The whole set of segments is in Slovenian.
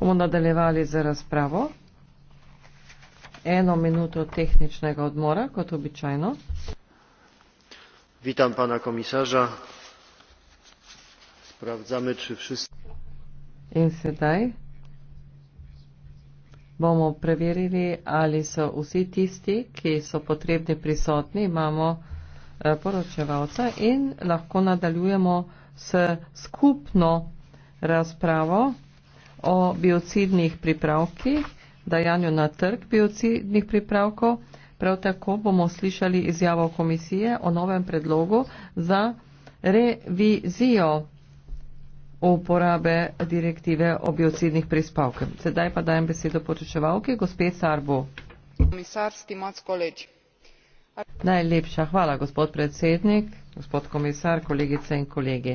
bomo nadaljevali z razpravo eno minuto tehničnega odmora kot običajno Witam pana komisarza. Sprawdzamy, czy wszyscy. In sedaj bomo preverili, ali so vsi tisti, ki so potrebni prisotni. Imamo eh, poročevalca in lahko nadaljujemo s skupno razpravo o biocidnih pripravkih, dajanju na trg biocidnih pripravkov. Prav tako bomo slišali izjavo komisije o novem predlogu za revizijo uporabe direktive o biocidnih prispavkih. Sedaj pa dajem besedo poročevalki, gospe Sarbu. Komisar Stimac Koleđ. Najlepša hvala, gospod predsednik, gospod komisar, kolegice in kolegi.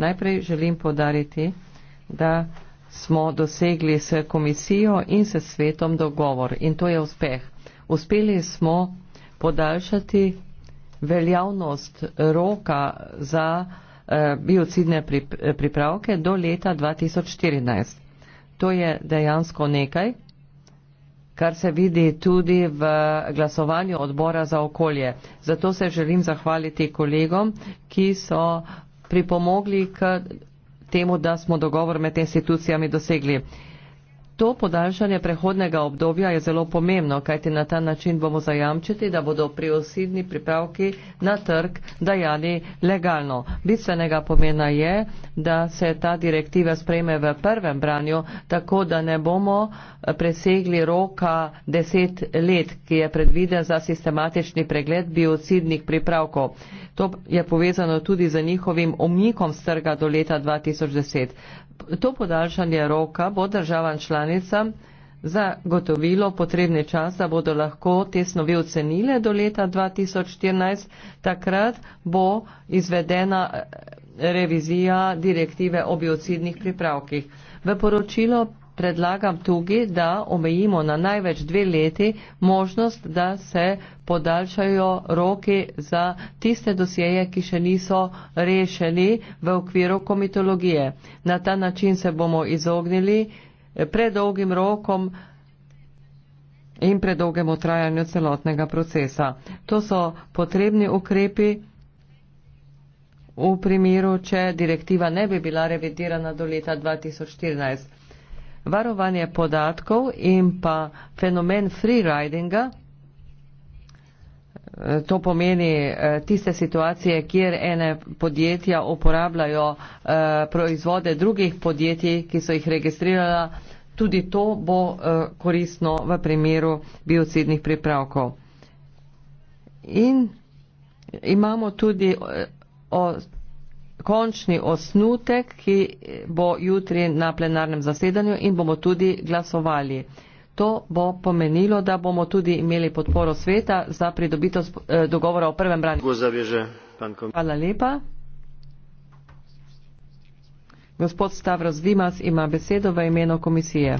Najprej želim podariti, da smo dosegli s komisijo in s svetom dogovor in to je uspeh. Uspeli smo podaljšati veljavnost roka za eh, biocidne pripravke do leta 2014. To je dejansko nekaj, kar se vidi tudi v glasovanju odbora za okolje. Zato se želim zahvaliti kolegom, ki so pripomogli k temu, da smo dogovor med institucijami dosegli. To podaljšanje prehodnega obdobja je zelo pomembno, kajti na ta način bomo zajamčiti, da bodo priosidni pripravki na trg dajani legalno. Bistvenega pomena je, da se ta direktiva sprejme v prvem branju, tako da ne bomo eh, presegli roka deset let, ki je predviden za sistematični pregled biocidnih pripravkov. To je povezano tudi z njihovim omikom strga do leta 2010. To podaljšanje roka bo državam članicam članicam za gotovilo potrebne časa bodo lahko te snovi ocenile do leta 2014. Takrat bo izvedena eh, revizija direktive o biocidnih pripravkih. V poročilo predlagam tudi, da omejimo na največ dve leti možnost, da se podaljšajo roki za tiste dosjeje, ki še niso rešeni v okviru komitologije. Na ta način se bomo izognili predolgim rokom in predolgemu trajanju celotnega procesa. To so potrebni ukrepi v primeru, če direktiva ne bi bila revidirana do leta 2014. Varovanje podatkov in pa fenomen freeridinga. To pomeni eh, tiste situacije, kjer ene podjetja uporabljajo eh, proizvode drugih podjetij, ki so jih registrirala. Tudi to bo eh, koristno v primeru biocidnih pripravkov. In imamo tudi o, o, končni osnutek, ki bo jutri na plenarnem zasedanju in bomo tudi glasovali. To bo pomenilo, da bomo tudi imeli podporo sveta za pridobitev eh, dogovora o prvem branju. Hvala lepa. Gospod Stavros Dimas ima besedo v imenu komisije.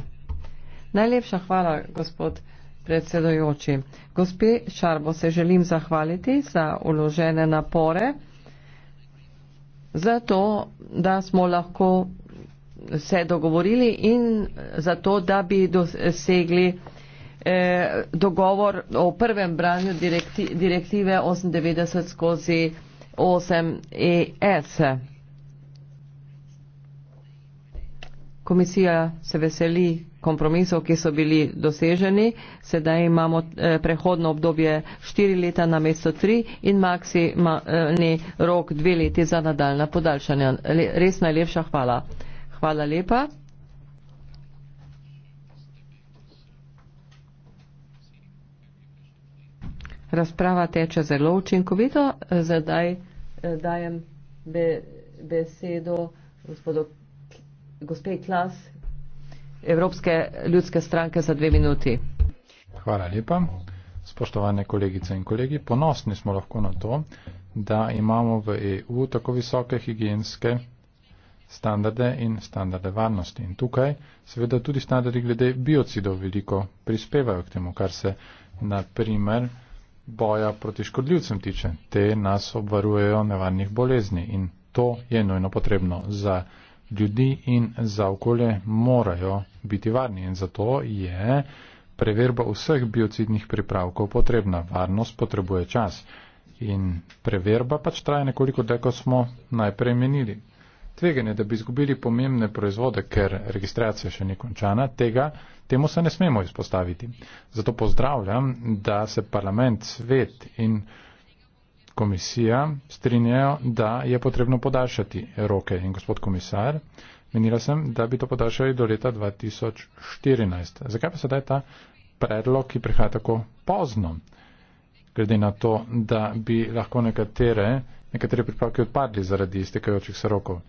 Najlepša hvala, gospod predsedojoči. Gospe Šarbo se želim zahvaliti za uložene napore, zato da smo lahko se dogovorili in zato, da bi dosegli eh, dogovor o prvem branju direkti, direktive 98 skozi 8 ES. Komisija se veseli kompromisov, ki so bili doseženi. Sedaj imamo eh, prehodno obdobje 4 leta na mesto 3 in maksimalni rok 2 leti za nadaljna podaljšanja. Le, res najlepša hvala. Hvala lepa. Razprava teče zelo učinkovito. Zdaj eh, dajem be, besedo gospodu, gospej Klas Evropske ljudske stranke za dve minuti. Hvala lepa. Spoštovane kolegice in kolegi, ponosni smo lahko na to, da imamo v EU tako visoke higijenske standarde in standarde varnosti. In tukaj seveda tudi standardi glede biocidov veliko prispevajo k temu, kar se na primer boja proti škodljivcem tiče. Te nas obvarujejo nevarnih bolezni in to je nujno potrebno za ljudi in za okolje morajo biti varni in zato je preverba vseh biocidnih pripravkov potrebna. Varnost potrebuje čas. In preverba pač traja nekoliko dlje, kot smo najprej menili tveganje, da bi izgubili pomembne proizvode, ker registracija še ni končana, tega, temu se ne smemo izpostaviti. Zato pozdravljam, da se parlament, svet in komisija strinjajo, da je potrebno podaljšati roke. In gospod komisar, menila sem, da bi to podaljšali do leta 2014. Zakaj pa sedaj ta predlog, ki prihaja tako pozno, glede na to, da bi lahko nekatere nekateri pripravki odpadli zaradi iztekajočih se rokov.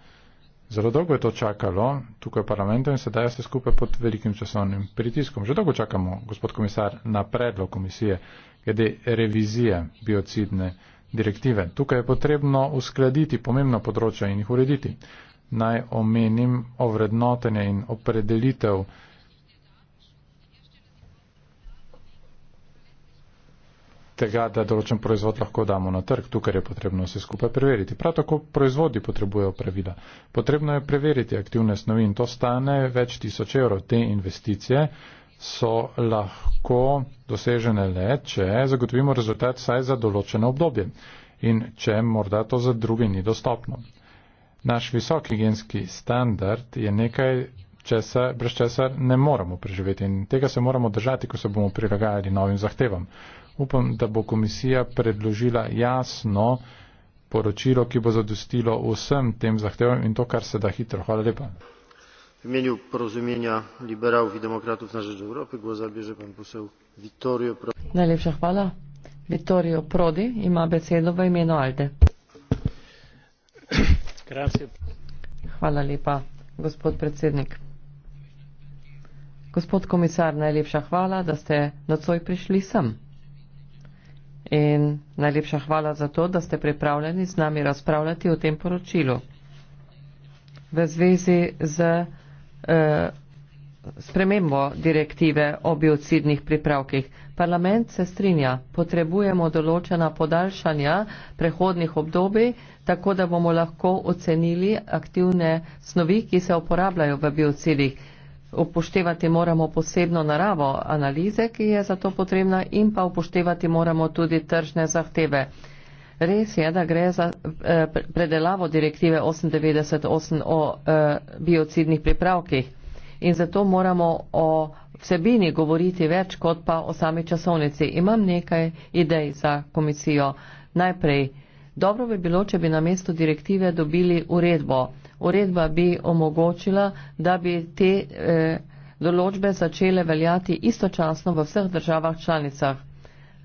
Zelo dolgo je to čakalo, tukaj v parlamentu in sedaj ste skupaj pod velikim časovnim pritiskom. Že dolgo čakamo, gospod komisar, na predlog komisije glede revizije biocidne direktive. Tukaj je potrebno uskladiti pomembna področja in jih urediti. Naj omenim ovrednotenje in opredelitev tega, da določen proizvod lahko damo na trg, tukaj je potrebno vse skupaj preveriti. Prav tako proizvodi potrebujejo pravila. Potrebno je preveriti aktivne snovi in to stane več tisoč evrov. Te investicije so lahko dosežene le, če zagotovimo rezultat saj za določeno obdobje in če morda to za druge ni dostopno. Naš visoki genski standard je nekaj, česar, brez česar ne moremo preživeti in tega se moramo držati, ko se bomo prilagajali novim zahtevam. Upam, da bo komisija predložila jasno poročilo, ki bo zadostilo vsem tem zahtevam in to, kar se da hitro. Hvala lepa. V imenu porozumenja liberalov in demokratov na žrtev Evrope, goza bi že pa posel Vittorio Prodi. Najlepša hvala. Vittorio Prodi ima besedo v imenu Alde. Hvala lepa, gospod predsednik. Gospod komisar, najlepša hvala, da ste nocoj prišli sem. In najlepša hvala za to, da ste pripravljeni z nami razpravljati o tem poročilu. V zvezi z eh, spremembo direktive o biocidnih pripravkih. Parlament se strinja, potrebujemo določena podaljšanja prehodnih obdobij, tako da bomo lahko ocenili aktivne snovi, ki se uporabljajo v biocidih upoštevati moramo posebno naravo analize, ki je za to potrebna in pa upoštevati moramo tudi tržne zahteve. Res je, da gre za eh, predelavo direktive 98 o eh, biocidnih pripravkih in zato moramo o vsebini govoriti več kot pa o sami časovnici. Imam nekaj idej za komisijo. Najprej, dobro bi bilo, če bi na mesto direktive dobili uredbo uredba bi omogočila, da bi te eh, določbe začele veljati istočasno v vseh državah članicah.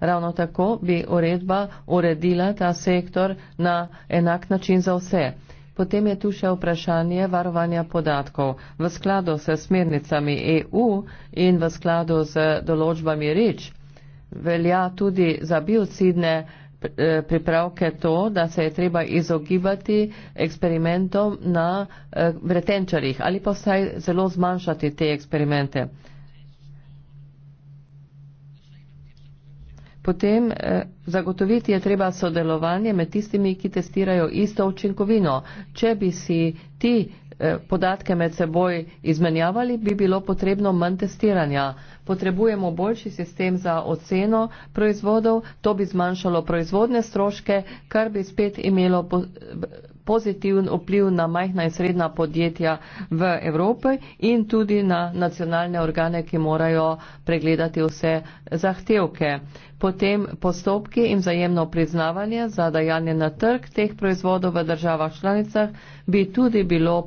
Ravno tako bi uredba uredila ta sektor na enak način za vse. Potem je tu še vprašanje varovanja podatkov. V skladu s smernicami EU in v skladu z določbami REACH velja tudi za biocidne pripravke to, da se je treba izogibati eksperimentom na eh, vretenčarjih ali pa vsaj zelo zmanjšati te eksperimente. potem eh, zagotoviti je treba sodelovanje med tistimi, ki testirajo isto učinkovino. Če bi si ti eh, podatke med seboj izmenjavali, bi bilo potrebno manj testiranja. Potrebujemo boljši sistem za oceno proizvodov, to bi zmanjšalo proizvodne stroške, kar bi spet imelo. Po eh, pozitiven vpliv na majhna in srednja podjetja v Evropi in tudi na nacionalne organe, ki morajo pregledati vse zahtevke. Potem postopki in vzajemno priznavanje za dajanje na trg teh proizvodov v državah članicah bi tudi bilo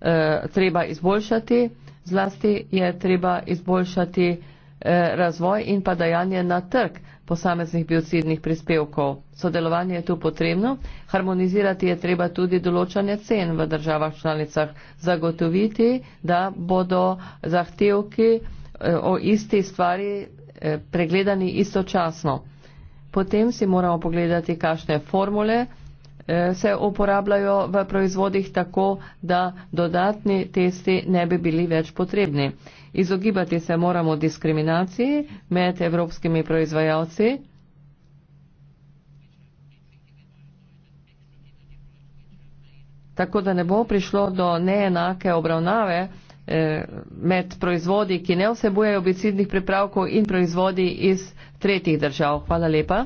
eh, treba izboljšati. Zlasti je treba izboljšati eh, razvoj in pa dajanje na trg posameznih biocidnih prispevkov. Sodelovanje je tu potrebno, harmonizirati je treba tudi določanje cen v državah članicah, zagotoviti, da bodo zahtevki eh, o isti stvari eh, pregledani istočasno. Potem si moramo pogledati, kakšne formule eh, se uporabljajo v proizvodih tako, da dodatni testi ne bi bili več potrebni. Izogibati se moramo diskriminaciji med evropskimi proizvajalci. Tako da ne bo prišlo do neenake obravnave eh, med proizvodi, ki ne vsebujejo bicidnih pripravkov in proizvodi iz tretjih držav. Hvala lepa.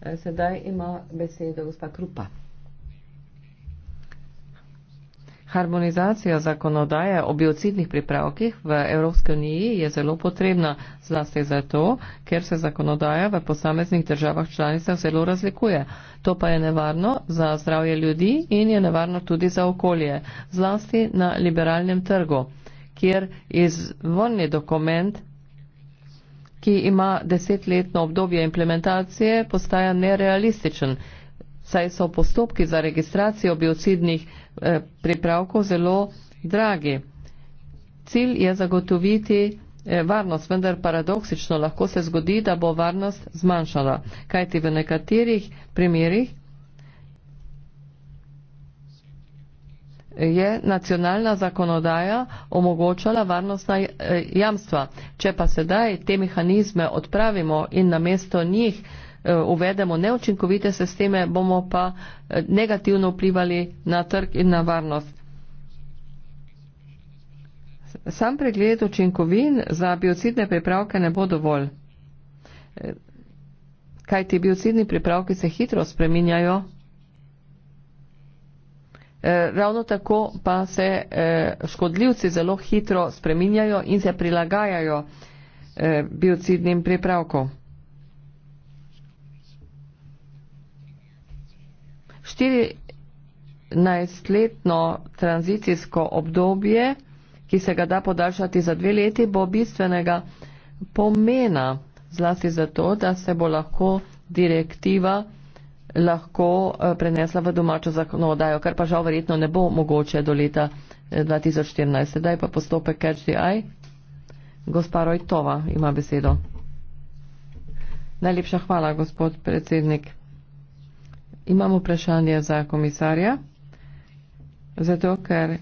Eh, sedaj ima besedo gospa Krupa. Harmonizacija zakonodaje o biocidnih pripravkih v Evropske uniji je zelo potrebna, zlasti zato, ker se zakonodaja v posameznih državah članicah zelo razlikuje. To pa je nevarno za zdravje ljudi in je nevarno tudi za okolje, zlasti na liberalnem trgu, kjer izvorni dokument, ki ima desetletno obdobje implementacije, postaja nerealističen saj so postopki za registracijo biocidnih eh, pripravkov zelo dragi. Cilj je zagotoviti eh, varnost, vendar paradoksično lahko se zgodi, da bo varnost zmanjšala, kajti v nekaterih primerjih je nacionalna zakonodaja omogočala varnostna eh, jamstva. Če pa sedaj te mehanizme odpravimo in namesto njih Eh, uvedemo neučinkovite sisteme, bomo pa eh, negativno vplivali na trg in na varnost. Sam pregled učinkovin za biocidne pripravke ne bo dovolj. Eh, Kaj ti biocidni pripravki se hitro spreminjajo? Ravno tako pa se škodljivci zelo hitro spreminjajo in se prilagajajo biocidnim pripravkom. 14-letno tranzicijsko obdobje, ki se ga da podaljšati za dve leti, bo bistvenega pomena zlasti zato, da se bo lahko direktiva lahko eh, prenesla v domačo zakonodajo, kar pa žal verjetno ne bo mogoče do leta 2014. Eh, Sedaj pa postopek Catch the Eye. Gospa Rojtova ima besedo. Najlepša hvala, gospod predsednik imam vprašanje za komisarja, zato ker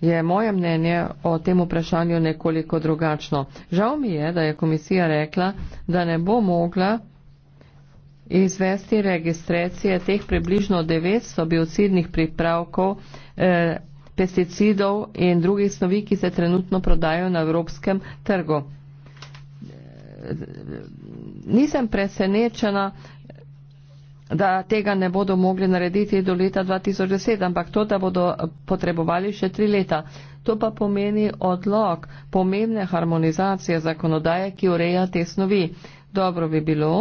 je moje mnenje o tem vprašanju nekoliko drugačno. Žal mi je, da je komisija rekla, da ne bo mogla izvesti registracije teh približno 900 biocidnih pripravkov, eh, pesticidov in drugih snovi, ki se trenutno prodajo na evropskem trgu. Nisem presenečena, da tega ne bodo mogli narediti do leta 2010, ampak to, da bodo potrebovali še tri leta. To pa pomeni odlog pomembne harmonizacije zakonodaje, ki ureja te snovi. Dobro bi bilo,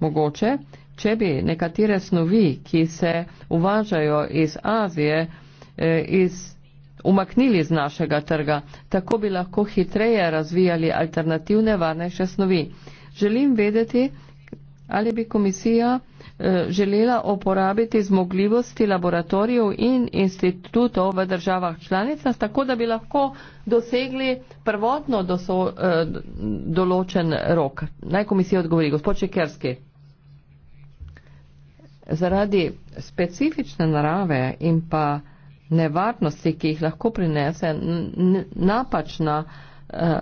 mogoče, če bi nekatere snovi, ki se uvažajo iz Azije, eh, iz, umaknili z našega trga, tako bi lahko hitreje razvijali alternativne varnejše snovi. Želim vedeti, ali bi komisija Eh, želela uporabiti zmogljivosti laboratorijev in institutov v državah članicah, tako da bi lahko dosegli prvotno doso, eh, določen rok. Naj komisija odgovori, gospod Čekerski. Zaradi specifične narave in pa nevarnosti, ki jih lahko prinese napačna eh,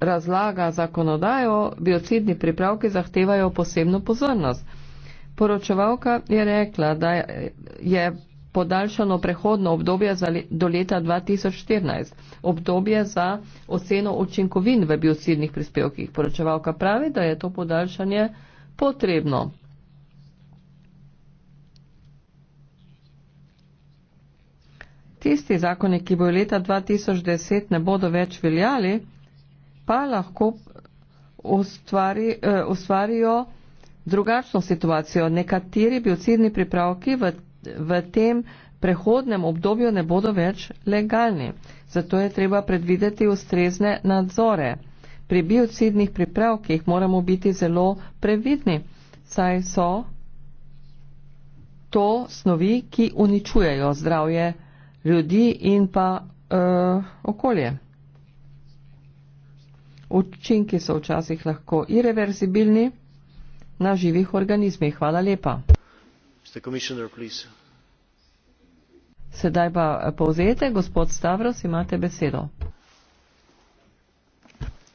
razlaga zakonodajo, biocidni pripravki zahtevajo posebno pozornost. Poročevalka je rekla, da je podaljšano prehodno obdobje le, do leta 2014, obdobje za oceno učinkovin v biocidnih prispevkih. Poročevalka pravi, da je to podaljšanje potrebno. Tisti zakoni, ki bojo leta 2010 ne bodo več veljali, pa lahko ustvari, eh, ustvarijo drugačno situacijo. Nekateri biocidni pripravki v, v tem prehodnem obdobju ne bodo več legalni. Zato je treba predvideti ustrezne nadzore. Pri biocidnih pripravkih moramo biti zelo previdni, saj so to snovi, ki uničujejo zdravje ljudi in pa uh, okolje. Učinki so včasih lahko irreversibilni na živih organizmih. Hvala lepa. Sedaj pa eh, povzete, gospod Stavros, imate besedo.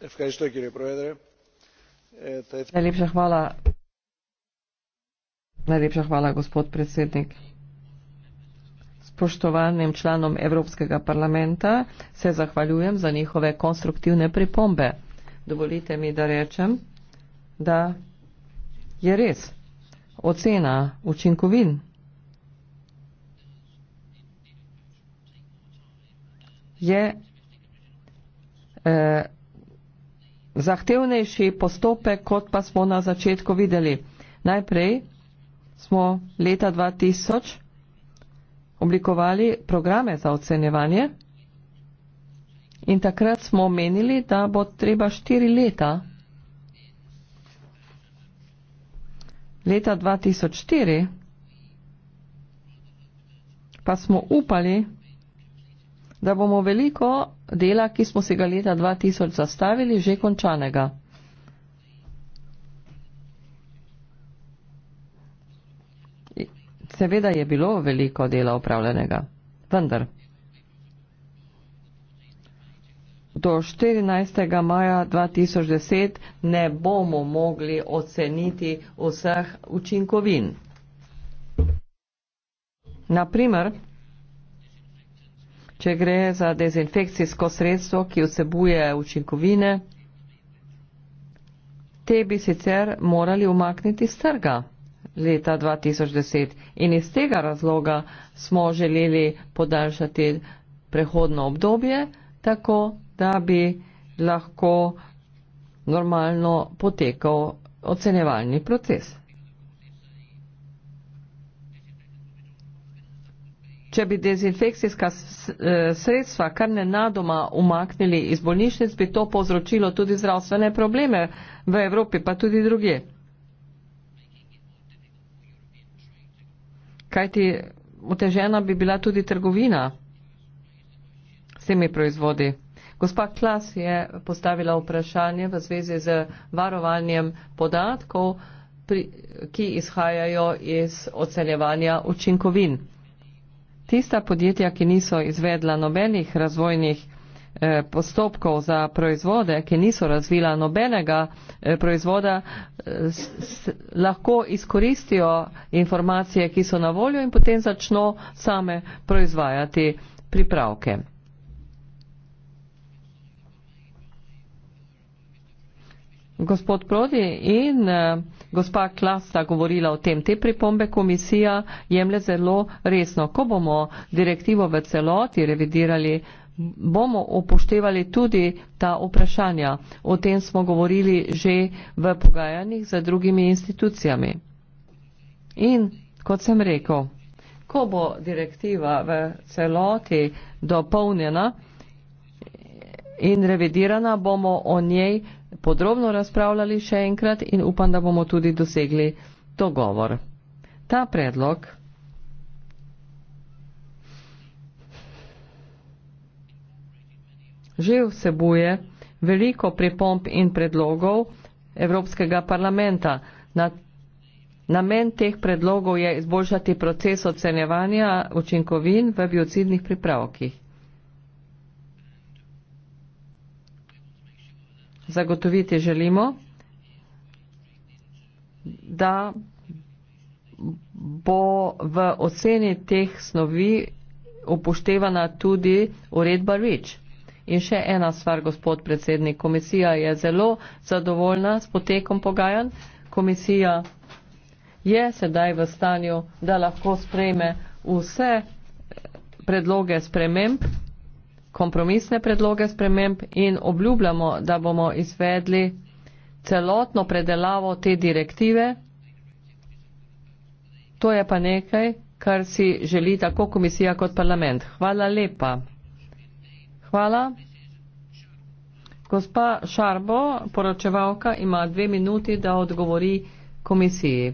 E, Najlepša hvala. Najlepša hvala, gospod predsednik. Spoštovanim članom Evropskega parlamenta se zahvaljujem za njihove konstruktivne pripombe. Dovolite mi, da rečem, da je res. Ocena učinkovin. Je eh, zahtevnejši postopek, kot pa smo na začetku videli. Najprej smo leta 2000 oblikovali programe za ocenjevanje in takrat smo menili, da bo treba štiri leta leta 2004 pa smo upali, da bomo veliko dela, ki smo si ga leta 2000 zastavili, že končanega. Seveda je bilo veliko dela opravljenega, vendar. do 14. maja 2010 ne bomo mogli oceniti vseh učinkovin. Naprimer, če gre za dezinfekcijsko sredstvo, ki vsebuje učinkovine, te bi sicer morali umakniti z trga leta 2010 in iz tega razloga smo želeli podaljšati prehodno obdobje, tako da bi lahko normalno potekal ocenevalni proces. Če bi dezinfekcijska e, sredstva kar nenadoma umaknili iz bolnišnic, bi to povzročilo tudi zdravstvene probleme v Evropi, pa tudi druge. Kajti otežena bi bila tudi trgovina s temi proizvodi. Gospa Klas je postavila vprašanje v zvezi z varovanjem podatkov, pri, ki izhajajo iz oceljevanja učinkovin. Tista podjetja, ki niso izvedla nobenih razvojnih eh, postopkov za proizvode, ki niso razvila nobenega eh, proizvoda, eh, lahko izkoristijo informacije, ki so na voljo in potem začno same proizvajati pripravke. Gospod Prodi in eh, gospa Klasta govorila o tem. Te pripombe komisija jemlje zelo resno. Ko bomo direktivo v celoti revidirali, bomo upoštevali tudi ta vprašanja. O tem smo govorili že v pogajanjih z drugimi institucijami. In kot sem rekel, ko bo direktiva v celoti dopolnjena in revidirana, bomo o njej podrobno razpravljali še enkrat in upam, da bomo tudi dosegli dogovor. Ta predlog že vsebuje veliko pripomp in predlogov Evropskega parlamenta. Namen teh predlogov je izboljšati proces ocenjevanja učinkovin v biocidnih pripravkih. zagotoviti želimo, da bo v oceni teh snovi upoštevana tudi uredba REACH. In še ena stvar, gospod predsednik, komisija je zelo zadovoljna s potekom pogajanj. Komisija je sedaj v stanju, da lahko sprejme vse eh, predloge sprememb kompromisne predloge sprememb in obljubljamo, da bomo izvedli celotno predelavo te direktive. To je pa nekaj, kar si želi tako komisija kot parlament. Hvala lepa. Hvala. Gospa Šarbo, poročevalka, ima dve minuti, da odgovori komisiji.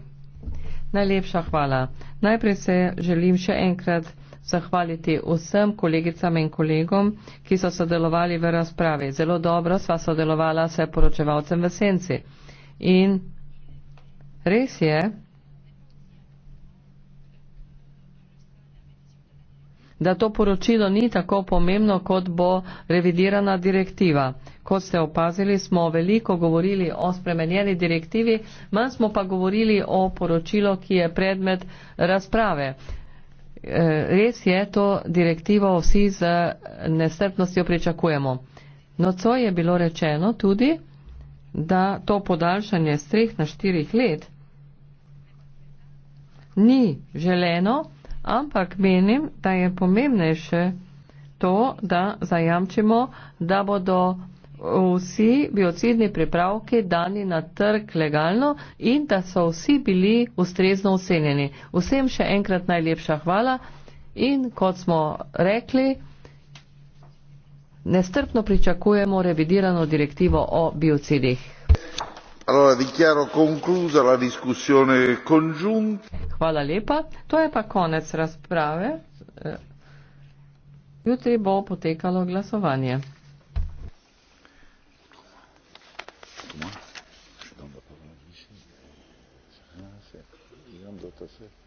Najlepša hvala. Najprej se želim še enkrat zahvaliti vsem kolegicam in kolegom, ki so sodelovali v razpravi. Zelo dobro sva sodelovala s poročevalcem v senci. In res je, da to poročilo ni tako pomembno, kot bo revidirana direktiva. Kot ste opazili, smo veliko govorili o spremenjeni direktivi, manj smo pa govorili o poročilo, ki je predmet razprave. Eh, res je to direktivo vsi z eh, nestrpnostjo pričakujemo. No, co je bilo rečeno tudi, da to podaljšanje z treh na štirih let ni želeno, ampak menim, da je pomembnejše to, da zajamčimo, da bodo vsi biocidni pripravki dani na trg legalno in da so vsi bili ustrezno ocenjeni. Vsem še enkrat najlepša hvala in kot smo rekli, nestrpno pričakujemo revidirano direktivo o biocidih. Allora, dichiaro conclusa la discussione congiunta. Hvala lepa. To je pa konec razprave. Jutri bo potekalo glasovanje. to se.